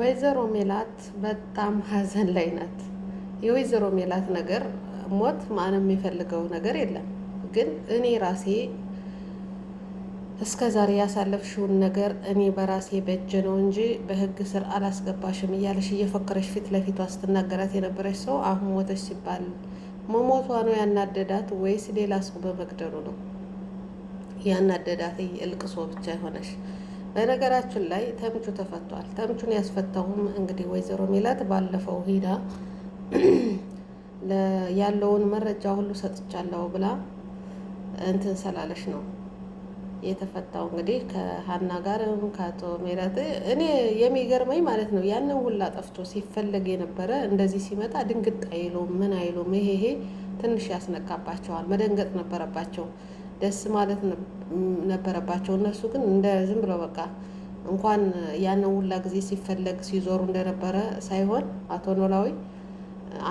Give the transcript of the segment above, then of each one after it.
ወይዘሮ ሜላት በጣም ሀዘን ላይ ናት። የወይዘሮ ሜላት ነገር ሞት ማንም የሚፈልገው ነገር የለም። ግን እኔ ራሴ እስከ ዛሬ ያሳለፍሽውን ነገር እኔ በራሴ በእጄ ነው እንጂ በህግ ስር አላስገባሽም እያለሽ እየፈከረሽ ፊት ለፊቷ ስትናገራት የነበረች ሰው አሁን ሞተች ሲባል መሞቷ ነው ያናደዳት ወይስ ሌላ ሰው በመግደሉ ነው ያናደዳት? እልቅሶ ብቻ የሆነሽ በነገራችን ላይ ተምቹ ተፈቷል። ተምቹን ያስፈታውም እንግዲህ ወይዘሮ ሚላት ባለፈው ሂዳ ያለውን መረጃ ሁሉ ሰጥቻለሁ ብላ እንትን ሰላለች ነው የተፈታው። እንግዲህ ከሀና ጋርም ከአቶ ሜላት እኔ የሚገርመኝ ማለት ነው ያንን ሁላ ጠፍቶ ሲፈለግ የነበረ እንደዚህ ሲመጣ ድንግጥ አይሎም ምን አይሉም። ይሄ ትንሽ ያስነቃባቸዋል። መደንገጥ ነበረባቸው። ደስ ማለት ነበረባቸው። እነሱ ግን እንደ ዝም ብለው በቃ እንኳን ያንን ሁላ ጊዜ ሲፈለግ ሲዞሩ እንደነበረ ሳይሆን አቶ ኖላዊ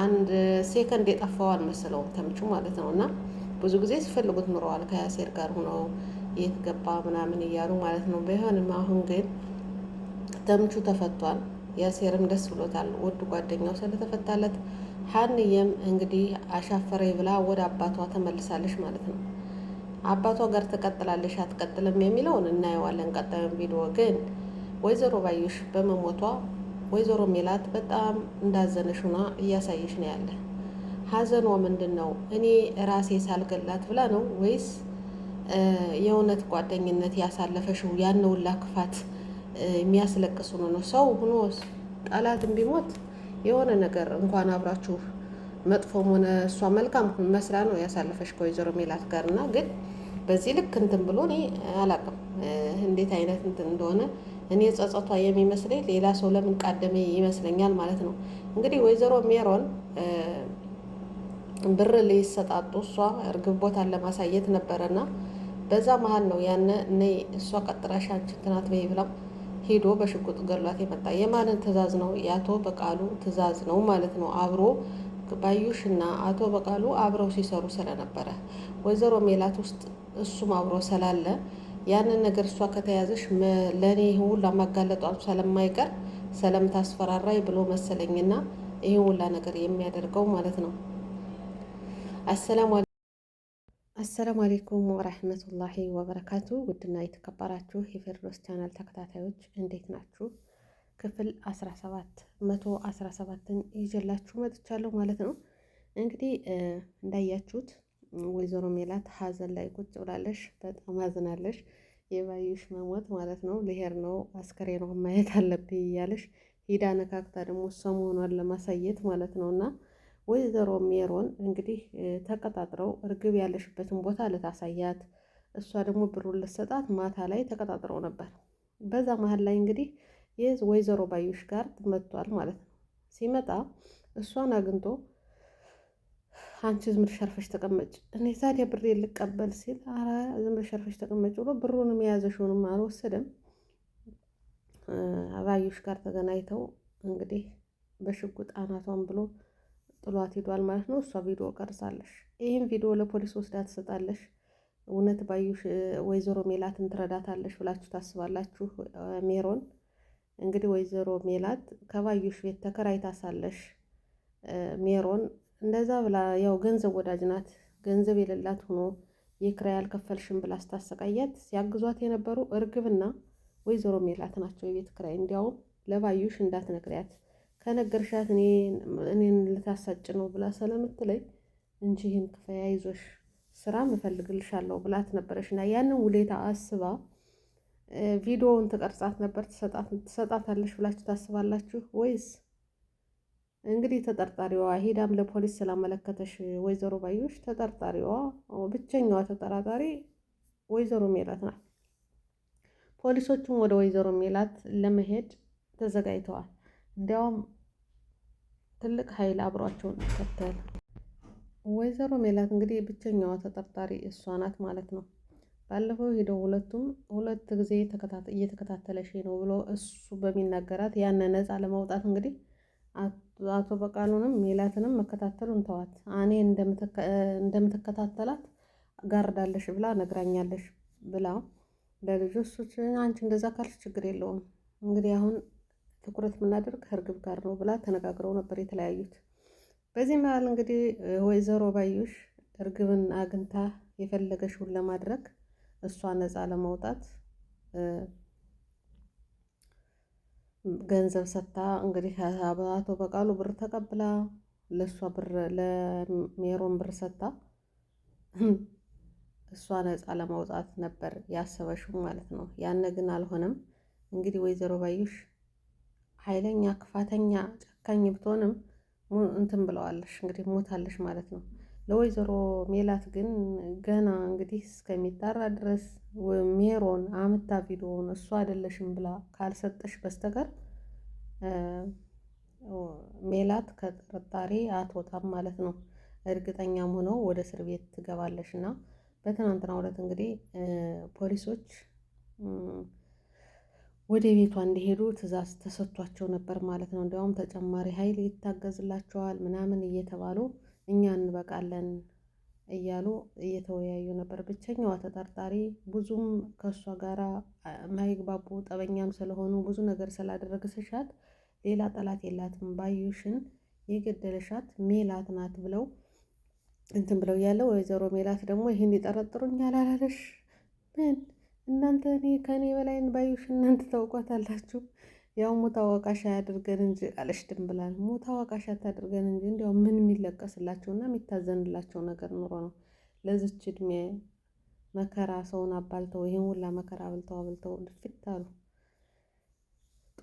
አንድ ሴከንድ የጠፋው አልመሰለውም ተምቹ ማለት ነው። እና ብዙ ጊዜ ሲፈልጉት ኑረዋል ከያሴር ጋር ሆነው የት ገባ ምናምን እያሉ ማለት ነው። ቢሆንም አሁን ግን ተምቹ ተፈቷል። ያሴርም ደስ ብሎታል ውድ ጓደኛው ስለተፈታለት። ሀንየም እንግዲህ አሻፈረኝ ብላ ወደ አባቷ ተመልሳለች ማለት ነው። አባቷ ጋር ትቀጥላለሽ አትቀጥልም የሚለውን እናየዋለን። ቀጣዩን ቪዲዮ ግን ወይዘሮ ባዩሽ በመሞቷ ወይዘሮ ሜላት በጣም እንዳዘነሽ ሆና እያሳየሽ ነው ያለ። ሀዘኗ ምንድን ነው? እኔ ራሴ ሳልገላት ብላ ነው ወይስ የእውነት ጓደኝነት ያሳለፈሽው ያን ሁላ ክፋት የሚያስለቅሱ ነው? ሰው ሁኖ ጠላትም ቢሞት የሆነ ነገር እንኳን አብራችሁ መጥፎም ሆነ እሷ መልካም መስላ ነው ያሳለፈች ከወይዘሮ ሜላት ጋር እና ግን በዚህ ልክ እንትን ብሎ እኔ አላውቅም እንዴት አይነት እንትን እንደሆነ እኔ ጸጸቷ የሚመስለኝ ሌላ ሰው ለምን ቃደመ ይመስለኛል ማለት ነው። እንግዲህ ወይዘሮ ሜሮን ብር ሊሰጣጡ እሷ እርግብ ቦታን ለማሳየት ነበረና በዛ መሀል ነው ያነ እነ እሷ ቀጥራሽ አንቺ ትናት በይ ብላው ሄዶ በሽጉጥ ገሏት የመጣ የማንን ትእዛዝ ነው? የአቶ በቃሉ ትእዛዝ ነው ማለት ነው አብሮ ባዩሽ እና አቶ በቃሉ አብረው ሲሰሩ ስለነበረ ወይዘሮ ሜላት ውስጥ እሱም አብሮ ስላለ ያንን ነገር እሷ ከተያዘሽ ለእኔ ሁላ ማጋለጧ ስለማይቀር ስለምታስፈራራይ ብሎ መሰለኝና ይህን ሁላ ነገር የሚያደርገው ማለት ነው። አሰላሙ አሌይኩም ወረህመቱላሂ ወበረካቱ። ውድና የተከበራችሁ የፌርዶስ ቻናል ተከታታዮች እንዴት ናችሁ? ክፍል 17 117ን ይዤላችሁ መጥቻለሁ ማለት ነው። እንግዲህ እንዳያችሁት ወይዘሮ ሜላት ሀዘን ላይ ቁጭ ብላለሽ። በጣም አዝናለሽ። የባዩሽ መሞት ማለት ነው። ልሄድ ነው አስከሬኗን ማየት አለብኝ እያለሽ ሂዳ ነካክታ ደግሞ እሷ መሆኗን ለማሳየት ማለት ነው። እና ወይዘሮ ሜሮን እንግዲህ ተቀጣጥረው እርግብ ያለሽበትን ቦታ ልታሳያት፣ እሷ ደግሞ ብሩን ልትሰጣት ማታ ላይ ተቀጣጥረው ነበር። በዛ መሀል ላይ እንግዲህ ወይዘሮ ባዩሽ ጋር መጥቷል ማለት ነው። ሲመጣ እሷን አግኝቶ አንቺ ዝም ብለሽ ሸርፈሽ ተቀመጭ፣ እኔ ታዲያ ብሬ ልቀበል ሲል ኧረ ዝም ብለሽ ሸርፈሽ ተቀመጭ ብሎ ብሩንም የያዘሽውንም አልወሰደም። ባዩሽ ጋር ተገናኝተው እንግዲህ በሽጉጥ አናቷን ብሎ ጥሏት ሂዷል ማለት ነው። እሷ ቪዲዮ ቀርሳለሽ፣ ይህም ቪዲዮ ለፖሊስ ወስዳ ትሰጣለሽ። እውነት ባዩሽ ወይዘሮ ሜላትን ትረዳታለሽ ብላችሁ ታስባላችሁ ሜሮን እንግዲህ ወይዘሮ ሜላት ከባዩሽ ቤት ተከራይታ ሳለሽ ሜሮን እንደዛ ብላ ያው ገንዘብ ወዳጅ ናት። ገንዘብ የሌላት ሆኖ የክራይ አልከፈልሽም ብላ ስታሰቃያት ሲያግዟት የነበሩ እርግብና ወይዘሮ ሜላት ናቸው የቤት ክራይ። እንዲያውም ለባዩሽ እንዳትነግሪያት ከነገርሻት እኔን ልታሳጭ ነው ብላ ስለምትለይ እንጂ ይህን ክፈያ ይዞሽ ስራ ምፈልግልሻለሁ ብላት ነበረሽ እና ያንን ውሌታ አስባ ቪዲዮውን ትቀርጻት ነበር ትሰጣታለች ብላችሁ ታስባላችሁ ወይስ? እንግዲህ ተጠርጣሪዋ ሄዳም ለፖሊስ ስላመለከተሽ ወይዘሮ ባዩሽ ተጠርጣሪዋ ብቸኛዋ ተጠራጣሪ ወይዘሮ ሜላት ናት። ፖሊሶቹም ወደ ወይዘሮ ሜላት ለመሄድ ተዘጋጅተዋል። እንዲያውም ትልቅ ኃይል አብሯቸውን ይከተል። ወይዘሮ ሜላት እንግዲህ ብቸኛዋ ተጠርጣሪ እሷ ናት ማለት ነው። ባለፈው ሄደው ሁለቱም ሁለት ጊዜ እየተከታተለሽ ነው ብሎ እሱ በሚናገራት ያን ነፃ ለማውጣት እንግዲህ አቶ በቃሉንም ሜላትንም መከታተሉን ተዋት። እኔ እንደምትከታተላት ጋርዳለሽ ብላ ነግራኛለሽ ብላ ለልጆች አንቺ እንደዛ ካልሽ ችግር የለውም እንግዲህ አሁን ትኩረት የምናደርግ ከእርግብ ጋር ነው ብላ ተነጋግረው ነበር የተለያዩት። በዚህ መሀል እንግዲህ ወይዘሮ ባዩሽ እርግብን አግኝታ የፈለገሽውን ለማድረግ እሷ ነፃ ለመውጣት ገንዘብ ሰጥታ እንግዲህ አቶ በቃሉ ብር ተቀብላ ለእሷ ብር ለሜሮን ብር ሰጥታ እሷ ነፃ ለመውጣት ነበር ያሰበሽው ማለት ነው። ያነ ግን አልሆነም። እንግዲህ ወይዘሮ ባዩሽ ኃይለኛ፣ ክፋተኛ፣ ጨካኝ ብትሆንም እንትን ብለዋለሽ እንግዲህ ሞታለሽ ማለት ነው። ለወይዘሮ ሜላት ግን ገና እንግዲህ እስከሚጣራ ድረስ ሜሮን አምታ ቪዲዮውን እሱ አይደለሽም ብላ ካልሰጠሽ በስተቀር ሜላት ከጥርጣሬ አትወጣም ማለት ነው። እርግጠኛም ሆነው ወደ እስር ቤት ትገባለሽ እና በትናንትናው ዕለት እንግዲህ ፖሊሶች ወደ ቤቷ እንዲሄዱ ትዕዛዝ ተሰጥቷቸው ነበር ማለት ነው። እንዲያውም ተጨማሪ ኃይል ይታገዝላቸዋል ምናምን እየተባሉ እኛ እንበቃለን እያሉ እየተወያዩ ነበር። ብቸኛዋ ተጠርጣሪ ብዙም ከእሷ ጋር ማይግባቡ ጠበኛም ስለሆኑ ብዙ ነገር ስላደረገ ስሻት ሌላ ጠላት የላትም ባዩሽን የገደለሻት ሜላት ናት ብለው እንትን ብለው ያለው ወይዘሮ ሜላት ደግሞ ይህን ይጠረጥሩኛል አላለሽ ምን እናንተ እኔ ከእኔ በላይ ባዩሽ እናንተ ታውቋታላችሁ ያው ሞት አወቃሽ ያድርገን እንጂ ቃልሽ ድም ብላል። ሞት አወቃሽ እንጂ እንዲያው ምን የሚለቀስላቸውና የሚታዘንላቸው ነገር ኑሮ ነው ለዚች እድሜ መከራ ሰውን አባልተው ይህን ሁላ መከራ አብልተው አብልተው ድፍት አሉ።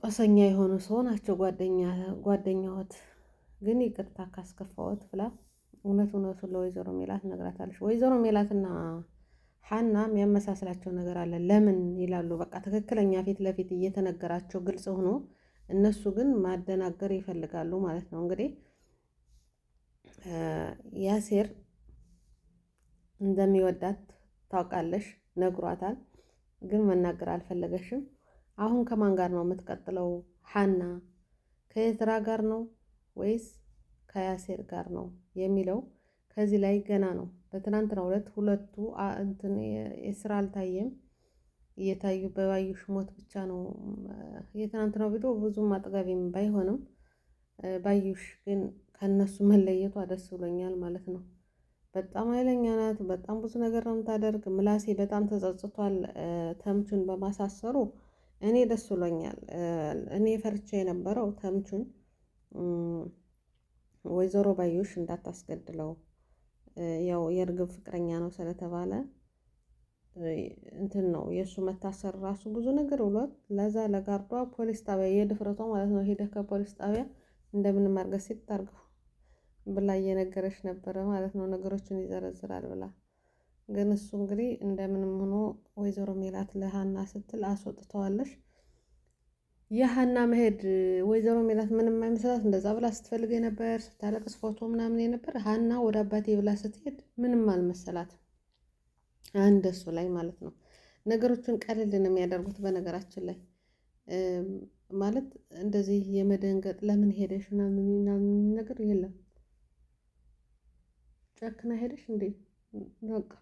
ጦሰኛ የሆኑ ሰው ናቸው ጓደኛዎት። ግን ይቅርታ ካስከፋዎት ብላ እውነት እውነቱን ለወይዘሮ ሜላት ነግራታለች። ወይዘሮ ሜላትና ሀና የሚያመሳስላቸው ነገር አለ። ለምን ይላሉ። በቃ ትክክለኛ ፊት ለፊት እየተነገራቸው ግልጽ ሆኖ እነሱ ግን ማደናገር ይፈልጋሉ ማለት ነው። እንግዲህ ያሴር እንደሚወዳት ታውቃለሽ፣ ነግሯታል፣ ግን መናገር አልፈለገሽም። አሁን ከማን ጋር ነው የምትቀጥለው? ሀና ከኤዝራ ጋር ነው ወይስ ከያሴር ጋር ነው የሚለው ከዚህ ላይ ገና ነው። በትናንትና ሁለት ሁለቱ እንትን የስራ አልታየም እየታዩ በባዩሽ ሞት ብቻ ነው። የትናንትናው ቪዲዮ ብዙም አጥጋቢም ባይሆንም ባዩሽ ግን ከነሱ መለየቷ ደስ ብሎኛል ማለት ነው። በጣም ኃይለኛ ናት። በጣም ብዙ ነገር ነው የምታደርግ። ምላሴ በጣም ተጸጽቷል ተምቹን በማሳሰሩ። እኔ ደስ ብሎኛል። እኔ ፈርቼ የነበረው ተምቹን ወይዘሮ ባዩሽ እንዳታስገድለው ያው የእርግብ ፍቅረኛ ነው ስለተባለ እንትን ነው የእሱ መታሰር ራሱ ብዙ ነገር ብሏት። ለዛ ለጋርዷ ፖሊስ ጣቢያ የድፍረቷ ማለት ነው ሄደህ ከፖሊስ ጣቢያ እንደምንም ማርገ ሴት አድርገው ብላ እየነገረች ነበረ ማለት ነው። ነገሮችን ይዘረዝራል ብላ ግን እሱ እንግዲህ እንደምንም ሆኖ ወይዘሮ ሜላት ለሀና ስትል አስወጥተዋለሽ። የሀና መሄድ ወይዘሮ ሜላት ምንም አይመስላት እንደዛ ብላ ስትፈልግ የነበር ስታለቅስ ፎቶ ምናምን የነበር ሀና ወደ አባቴ ብላ ስትሄድ ምንም አንድ እሱ ላይ ማለት ነው ነገሮቹን ቀልል ነው የሚያደርጉት። በነገራችን ላይ ማለት እንደዚህ የመደንገጥ ለምን ሄደሽ ምናምን ምናምን ነገር የለም። ጨክና ሄደሽ እንዴ በቃ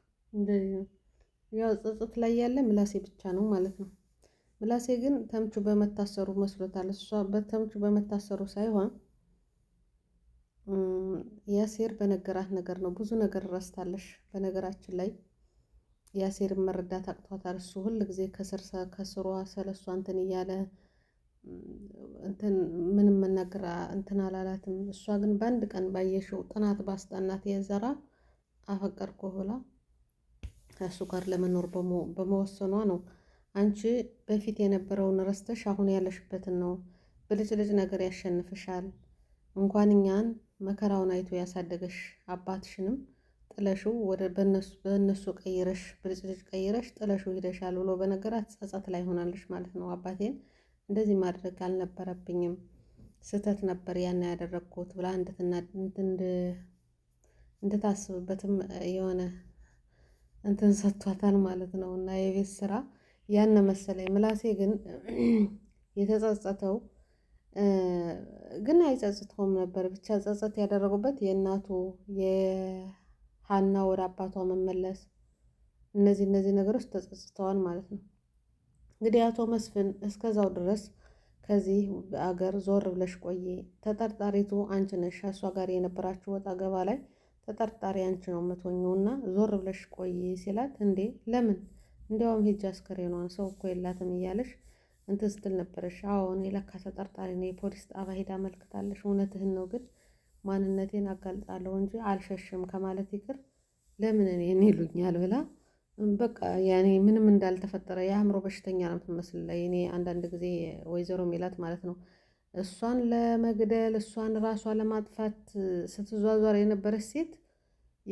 ያው ጸጸት ላይ ያለ ምላሴ ብቻ ነው ማለት ነው። ምላሴ ግን ተምቹ በመታሰሩ መስሎታል። እሷ በተምቹ በመታሰሩ ሳይሆን ያሴር በነገራት ነገር ነው። ብዙ ነገር ረስታለሽ። በነገራችን ላይ ያሴር መረዳት አቅቷታል። እሱ ሁል ጊዜ ከስሯ ሰለሷ እንትን እያለ እንትን ምንም መናገር እንትን አላላትም። እሷ ግን በአንድ ቀን ባየሽው ጥናት ባስጠናት የዘራ አፈቀርኩ ብላ ከእሱ ጋር ለመኖር በመወሰኗ ነው አንቺ በፊት የነበረውን ረስተሽ አሁን ያለሽበትን ነው። ብልጭልጭ ነገር ያሸንፍሻል። እንኳን እኛን መከራውን አይቶ ያሳደገሽ አባትሽንም ጥለሽው ወደ በእነሱ ቀይረሽ ብልጭልጭ ቀይረሽ ጥለሽው ሂደሻል ብሎ በነገራት ጸጸት ላይ ሆናለሽ ማለት ነው። አባቴን እንደዚህ ማድረግ አልነበረብኝም፣ ስህተት ነበር ያን ያደረግኩት ብላ እንድታስብበትም የሆነ እንትን ሰጥቷታል ማለት ነው እና የቤት ስራ ያነ መሰለኝ ምላሴ ግን የተጸጸተው ግን አይጸጽተውም ነበር። ብቻ ጸጸት ያደረጉበት የእናቱ የሀና ወደ አባቷ መመለስ እነዚህ እነዚህ ነገሮች ተጸጽተዋል ማለት ነው። እንግዲህ አቶ መስፍን እስከዛው ድረስ ከዚህ አገር ዞር ብለሽ ቆየ፣ ተጠርጣሪቱ አንቺ ነሽ። እሷ ጋር የነበራችሁ ወጣ ገባ ላይ ተጠርጣሪ አንቺ ነው የምትሆኚው እና ዞር ብለሽ ቆይ ሲላት እንዴ ለምን እንዲያውም ሂጅ አስከሬኗን ሰው እኮ የላትም እያለሽ እንትን ስትል ነበረሽ። አዎ እኔ ለካ ተጠርጣሪ ነው። የፖሊስ ጣባ ሄዳ አመልክታለሽ። እውነትህን ነው፣ ግን ማንነቴን አጋልጣለሁ እንጂ አልሸሽም ከማለት ይቅር ለምን እኔን ይሉኛል ብላ በቃ ያኔ ምንም እንዳልተፈጠረ የአእምሮ በሽተኛ ነው ላይ እኔ አንዳንድ ጊዜ ወይዘሮ ሜላት ማለት ነው እሷን ለመግደል እሷን ራሷ ለማጥፋት ስትዟዟር የነበረች ሴት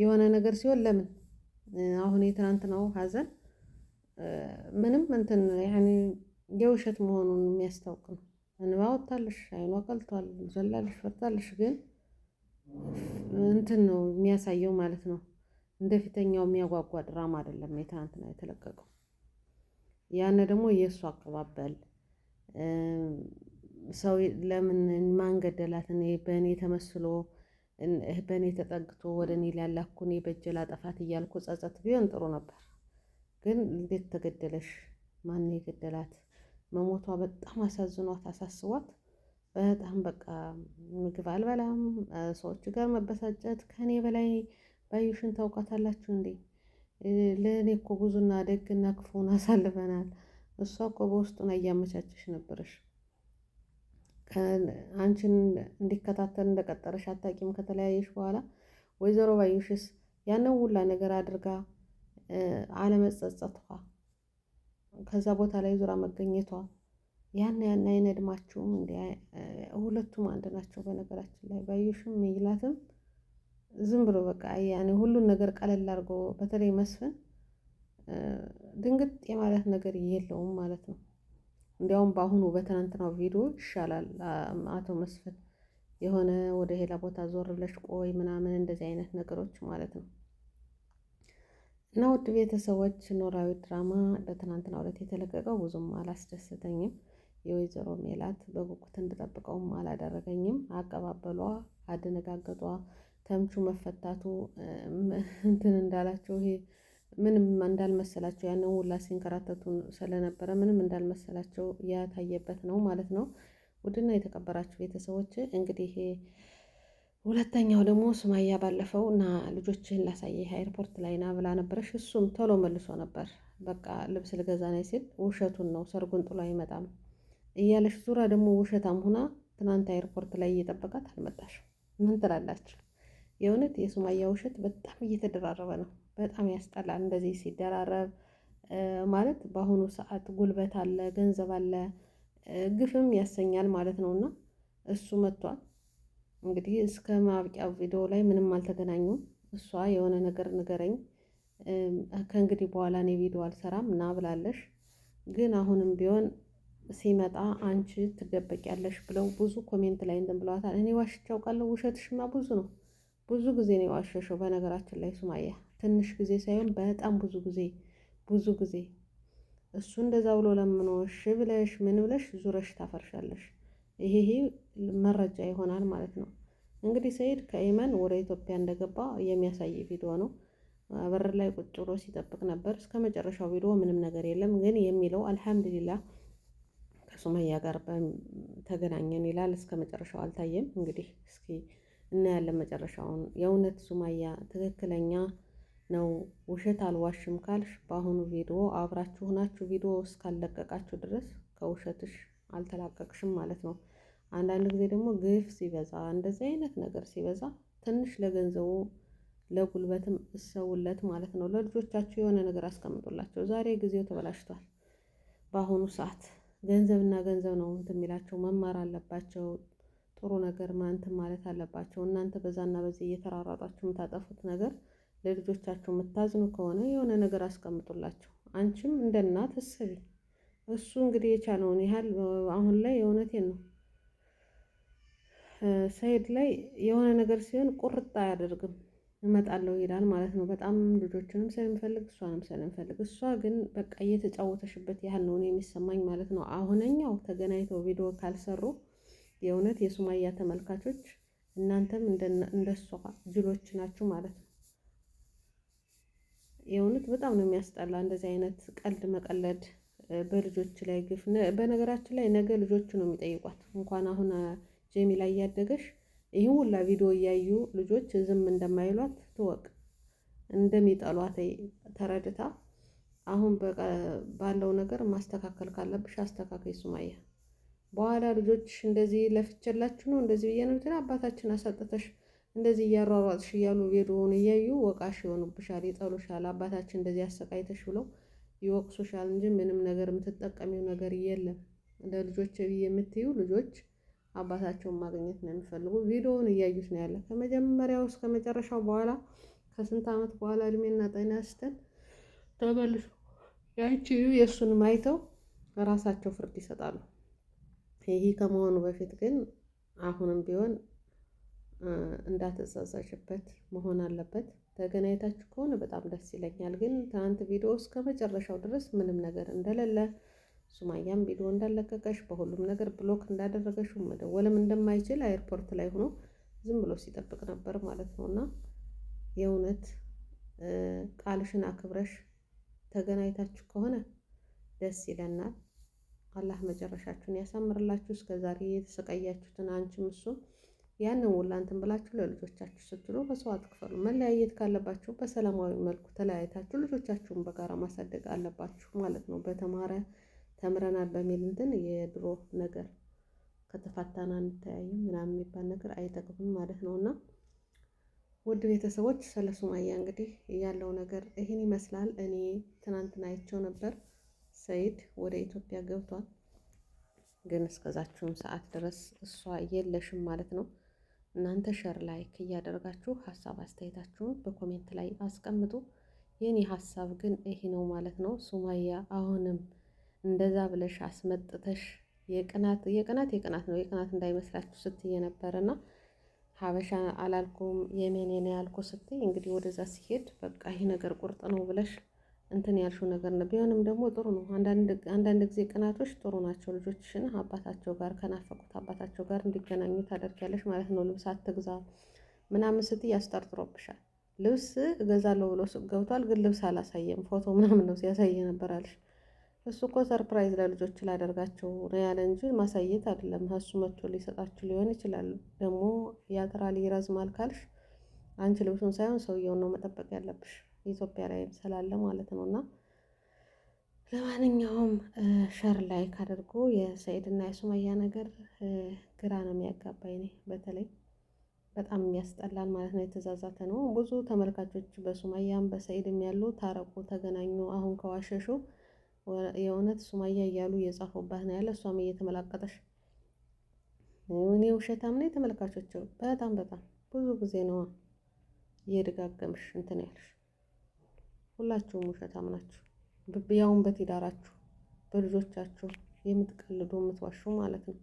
የሆነ ነገር ሲሆን ለምን አሁን የትናንት ነው ሀዘን ምንም እንትን ያኔ የውሸት መሆኑን የሚያስታውቅ ነው። እንባ ወጣልሽ፣ አይኗ ቀልቷል፣ ዘላልሽ፣ ፈርታለሽ ግን እንትን ነው የሚያሳየው ማለት ነው። እንደ ፊተኛው የሚያጓጓ ድራማ አይደለም የትናንትና የተለቀቀው። ያነ ደግሞ የእሱ አቀባበል ሰው ለምን ማን እኔ በእኔ ተመስሎ በእኔ ተጠግቶ ወደ እኔ ሊያላኩ እኔ በእጄ ላጠፋት እያልኩ ጸጸት ቢሆን ጥሩ ነበር። ግን እንዴት ተገደለሽ? ማን የገደላት? መሞቷ በጣም አሳዝኗት አሳስቧት በጣም በቃ ምግብ አልበላም፣ ሰዎች ጋር መበሳጨት። ከኔ በላይ ባዩሽን ታውቃታላችሁ እንዴ? ለእኔ እኮ ብዙና ደግና ክፉን አሳልፈናል። እሷ እኮ በውስጡን እያመቻቸች ነበረሽ። አንቺን እንዲከታተል እንደቀጠረሽ አታቂም ከተለያየሽ በኋላ። ወይዘሮ ባዩሽስ ያንን ሁላ ነገር አድርጋ አለመጸጸቷ ከዛ ቦታ ላይ ዙራ መገኘቷ ያን ያን አይነድማችሁም? እንዲ ሁለቱም አንድ ናቸው። በነገራችን ላይ ባዩሽም ይላትም ዝም ብሎ በቃ ያኔ ሁሉን ነገር ቀለል አድርጎ በተለይ መስፍን ድንግጥ የማለት ነገር የለውም ማለት ነው። እንዲያውም በአሁኑ በትናንትናው ቪዲዮ ይሻላል አቶ መስፍን የሆነ ወደ ሌላ ቦታ ዞር ብለሽ ቆይ ምናምን እንደዚህ አይነት ነገሮች ማለት ነው። እና ውድ ቤተሰቦች ኖላዊ ድራማ በትናንትና ዕለት የተለቀቀው ብዙም አላስደሰተኝም። የወይዘሮ ሜላት በጉጉት እንድጠብቀውም አላደረገኝም። አቀባበሏ፣ አደነጋገጧ፣ ተምቹ መፈታቱ እንትን እንዳላቸው ይሄ ምንም እንዳልመሰላቸው ያንን ውላ ሲንከራተቱን ስለነበረ ምንም እንዳልመሰላቸው ያታየበት ነው ማለት ነው። ውድና የተከበራችሁ ቤተሰቦች እንግዲህ ሁለተኛው ደግሞ ሱማያ ባለፈው እና ልጆችህን ላሳየ ኤርፖርት ላይ ና ብላ ነበረሽ። እሱም ቶሎ መልሶ ነበር በቃ ልብስ ልገዛ ነኝ ሲል ውሸቱን ነው ሰርጉን ጥሎ አይመጣም እያለሽ ዙራ ደግሞ ውሸታም ሁና ትናንት ኤርፖርት ላይ እየጠበቃት አልመጣሽ። ምን ትላላችሁ? የእውነት የሱማያ ውሸት በጣም እየተደራረበ ነው። በጣም ያስጠላል። እንደዚህ ሲደራረብ ማለት በአሁኑ ሰዓት ጉልበት አለ፣ ገንዘብ አለ፣ ግፍም ያሰኛል ማለት ነው እና እሱ መጥቷል እንግዲህ እስከ ማብቂያው ቪዲዮ ላይ ምንም አልተገናኙም። እሷ የሆነ ነገር ንገረኝ፣ ከእንግዲህ በኋላ እኔ ቪዲዮ አልሰራም እና ብላለሽ። ግን አሁንም ቢሆን ሲመጣ አንቺ ትደበቂያለሽ ብለው ብዙ ኮሜንት ላይ እንትን ብለዋታል። እኔ ዋሽቼ አውቃለሁ። ውሸትሽማ ብዙ ነው። ብዙ ጊዜ ነው የዋሸሸው። በነገራችን ላይ ሱማያ ትንሽ ጊዜ ሳይሆን በጣም ብዙ ጊዜ ብዙ ጊዜ እሱ እንደዛ ብሎ ለምኖሽ ብለሽ ምን ብለሽ ዙረሽ ታፈርሻለሽ። ይሄ መረጃ ይሆናል ማለት ነው። እንግዲህ ሰይድ ከየመን ወደ ኢትዮጵያ እንደገባ የሚያሳይ ቪዲዮ ነው። በር ላይ ቁጭ ብሎ ሲጠብቅ ነበር። እስከ መጨረሻው ቪዲዮ ምንም ነገር የለም፣ ግን የሚለው አልሐምዱሊላ ከሱመያ ጋር ተገናኘን ይላል። እስከ መጨረሻው አልታየም። እንግዲህ እስኪ እናያለን መጨረሻውን። የእውነት ሱመያ ትክክለኛ ነው ውሸት አልዋሽም ካልሽ በአሁኑ ቪዲዮ አብራችሁ ናችሁ ቪዲዮ እስካለቀቃችሁ ድረስ ከውሸትሽ አልተላቀቅሽም ማለት ነው። አንዳንድ ጊዜ ደግሞ ግፍ ሲበዛ እንደዚህ አይነት ነገር ሲበዛ ትንሽ ለገንዘቡ ለጉልበትም እሰውለት ማለት ነው። ለልጆቻቸው የሆነ ነገር አስቀምጡላቸው። ዛሬ ጊዜው ተበላሽቷል። በአሁኑ ሰዓት ገንዘብና ገንዘብ ነው እንትን የሚላቸው። መማር አለባቸው። ጥሩ ነገር እንትን ማለት አለባቸው። እናንተ በዛና በዚህ እየተራራጣችሁ የምታጠፉት ነገር ለልጆቻቸው የምታዝኑ ከሆነ የሆነ ነገር አስቀምጡላቸው። አንቺም እንደ እናት እሰቢ። እሱ እንግዲህ የቻለውን ያህል አሁን ላይ የእውነቴን ነው ሰኢድ ላይ የሆነ ነገር ሲሆን ቁርጥ አያደርግም። እመጣለሁ ይላል ማለት ነው። በጣም ልጆችንም ስለሚፈልግ እሷንም ስለሚፈልግ እሷ ግን በቃ እየተጫወተሽበት ያህል ነው የሚሰማኝ ማለት ነው። አሁነኛው ተገናኝተው ቪዲዮ ካልሰሩ የእውነት የሱማያ ተመልካቾች እናንተም እንደሷ ጅሎች ናችሁ ማለት ነው። የእውነት በጣም ነው የሚያስጠላ እንደዚህ አይነት ቀልድ መቀለድ በልጆች ላይ ግፍ። በነገራችን ላይ ነገ ልጆቹ ነው የሚጠይቋት እንኳን አሁን ጄሚ ላይ እያደገሽ ይህን ሁላ ቪዲዮ እያዩ ልጆች ዝም እንደማይሏት ትወቅ፣ እንደሚጠሏት ተረድታ አሁን ባለው ነገር ማስተካከል ካለብሽ አስተካከይ ሱማያ። በኋላ ልጆች እንደዚህ ለፍቼላችሁ ነው እንደዚህ ብዬ ነው እንትን አባታችን አሳጥተሽ እንደዚህ እያሯሯጥሽ እያሉ ቪዲዮውን እያዩ ወቃሽ ይሆኑብሻል፣ ይጠሉሻል። አባታችን እንደዚህ አሰቃይተሽ ብለው ይወቅሱሻል እንጂ ምንም ነገር የምትጠቀሚው ነገር የለም። ለልጆች ብዬ የምትዩ ልጆች አባታቸውን ማግኘት ነው የሚፈልጉ። ቪዲዮውን እያዩት ነው ያለ ከመጀመሪያው እስከ መጨረሻው። በኋላ ከስንት ዓመት በኋላ እድሜና ጤና አስተን ተመልሶ ያቺ የእሱን ማይተው ራሳቸው ፍርድ ይሰጣሉ። ይህ ከመሆኑ በፊት ግን አሁንም ቢሆን እንዳትጸጸሽበት መሆን አለበት። ተገናኝታችሁ ከሆነ በጣም ደስ ይለኛል። ግን ትናንት ቪዲዮ እስከ መጨረሻው ድረስ ምንም ነገር እንደሌለ ሱማያም ቪዲዮ እንዳለቀቀሽ በሁሉም ነገር ብሎክ እንዳደረገሽ መደወልም እንደማይችል አየርፖርት ላይ ሆኖ ዝም ብሎ ሲጠብቅ ነበር ማለት ነው። እና የእውነት ቃልሽን አክብረሽ ተገናኝታችሁ ከሆነ ደስ ይለናል። አላህ መጨረሻችሁን ያሳምርላችሁ። እስከ ዛሬ የተሰቃያችሁትን አንቺም እሱም ያንን ውላንትን ብላችሁ ለልጆቻችሁ ስትሉ መስዋዕት ክፈሉ። መለያየት ካለባችሁ በሰላማዊ መልኩ ተለያይታችሁ ልጆቻችሁን በጋራ ማሳደግ አለባችሁ ማለት ነው በተማረ ተምረናል በሚል እንትን የድሮ ነገር ከተፋታና አንተያይም ምናምን የሚባል ነገር አይጠቅምም ማለት ነው እና ውድ ቤተሰቦች ስለ ሱማያ እንግዲህ ያለው ነገር ይህን ይመስላል። እኔ ትናንትና አይቸው ነበር። ሰይድ ወደ ኢትዮጵያ ገብቷል፣ ግን እስከዛችሁን ሰዓት ድረስ እሷ የለሽም ማለት ነው። እናንተ ሸር ላይክ እያደረጋችሁ ሀሳብ አስተያየታችሁን በኮሜንት ላይ አስቀምጡ። የኔ ሀሳብ ግን ይሄ ነው ማለት ነው። ሱማያ አሁንም እንደዛ ብለሽ አስመጥተሽ የቅናት የቅናት የቅናት ነው የቅናት እንዳይመስላችሁ ስትይ የነበረና ሀበሻ አላልኩም የሜኔን ያልኩ ስትይ እንግዲህ ወደዛ ሲሄድ በቃ ይሄ ነገር ቁርጥ ነው ብለሽ እንትን ያልሽው ነገር ነው። ቢሆንም ደግሞ ጥሩ ነው። አንዳንድ ጊዜ ቅናቶች ጥሩ ናቸው። ልጆችሽን አባታቸው ጋር ከናፈቁት አባታቸው ጋር እንዲገናኙ ታደርጊያለሽ ማለት ነው። ልብስ አትግዛ ምናምን ስትይ ያስጠርጥሮብሻል። ልብስ እገዛለሁ ብሎ ገብቷል፣ ግን ልብስ አላሳየም ፎቶ ምናምን ነው ነበር አልሽ። እሱ እኮ ሰርፕራይዝ ለልጆች ላደርጋቸው ሪያል እንጂ ማሳየት አይደለም። እሱ መቶ ሊሰጣችሁ ሊሆን ይችላል። ደግሞ ያጥራል ይረዝማል ካልሽ አንቺ ልብሱን ሳይሆን ሰውየውን ነው መጠበቅ ያለብሽ። ኢትዮጵያ ላይ ስላለ ማለት ነው። እና ለማንኛውም ሸር ላይ ካደርጉ የሰኢድና የሱመያ ነገር ግራ ነው የሚያጋባኝ እኔ በተለይ በጣም የሚያስጠላል ማለት ነው። የተዛዛተ ነው። ብዙ ተመልካቾች በሱመያም በሰኢድም ያሉ ታረቁ፣ ተገናኙ አሁን ከዋሸሹ የእውነት ሱማያ እያሉ እየጻፉባት ነው ያለ። እሷም እየተመላቀጠሽ እኔ ውሸታም ነኝ። ተመልካቾች በጣም በጣም ብዙ ጊዜ ነው እየደጋገምሽ እንትን ያልሽ። ሁላችሁም ውሸታም ናችሁ፣ ያውን በትዳራችሁ በልጆቻችሁ የምትቀልዱ የምትዋሹ ማለት ነው።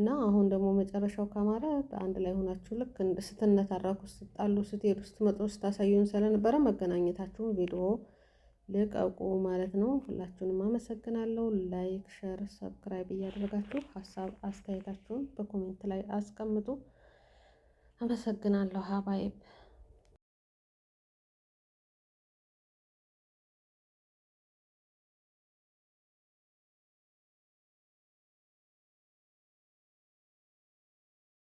እና አሁን ደግሞ መጨረሻው ካማረ በአንድ ላይ ሆናችሁ ልክ ስትነታረኩ፣ ስትጣሉ፣ ስትሄዱ፣ ስትመጡ ስታሳዩን ስለነበረ መገናኘታችሁ ቪዲዮ ልቀቁ ማለት ነው። ሁላችሁንም አመሰግናለሁ። ላይክ፣ ሸር፣ ሰብስክራይብ እያደረጋችሁ ሀሳብ አስተያየታችሁን በኮሜንት ላይ አስቀምጡ። አመሰግናለሁ ሀባይብ